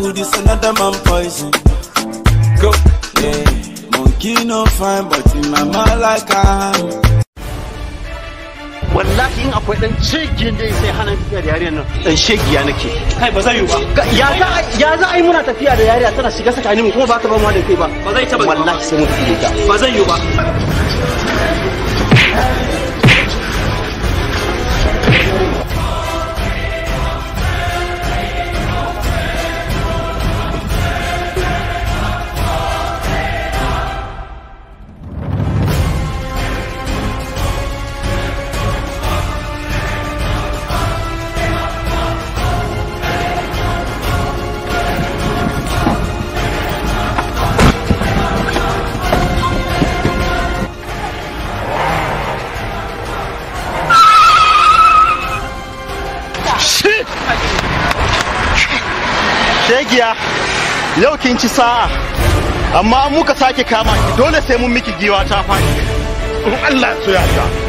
food is another man poison. Go, yeah. Monkey no fine, but in my mind like I wallahi akwai dan cikin da sai hana tafiya da yariya nan dan shegiya nake kai ba zai yi ba ya za ya za a muna tafiya da yariya tana shiga tsakanin mu kuma ba ta ba mu da kai ba ba zai ta wallahi sai mu tafi ba zai yi ba shegiya yau kin ci sa'a amma an muka sake kama ki dole sai mun miki giwa ta faɗi in Allah ya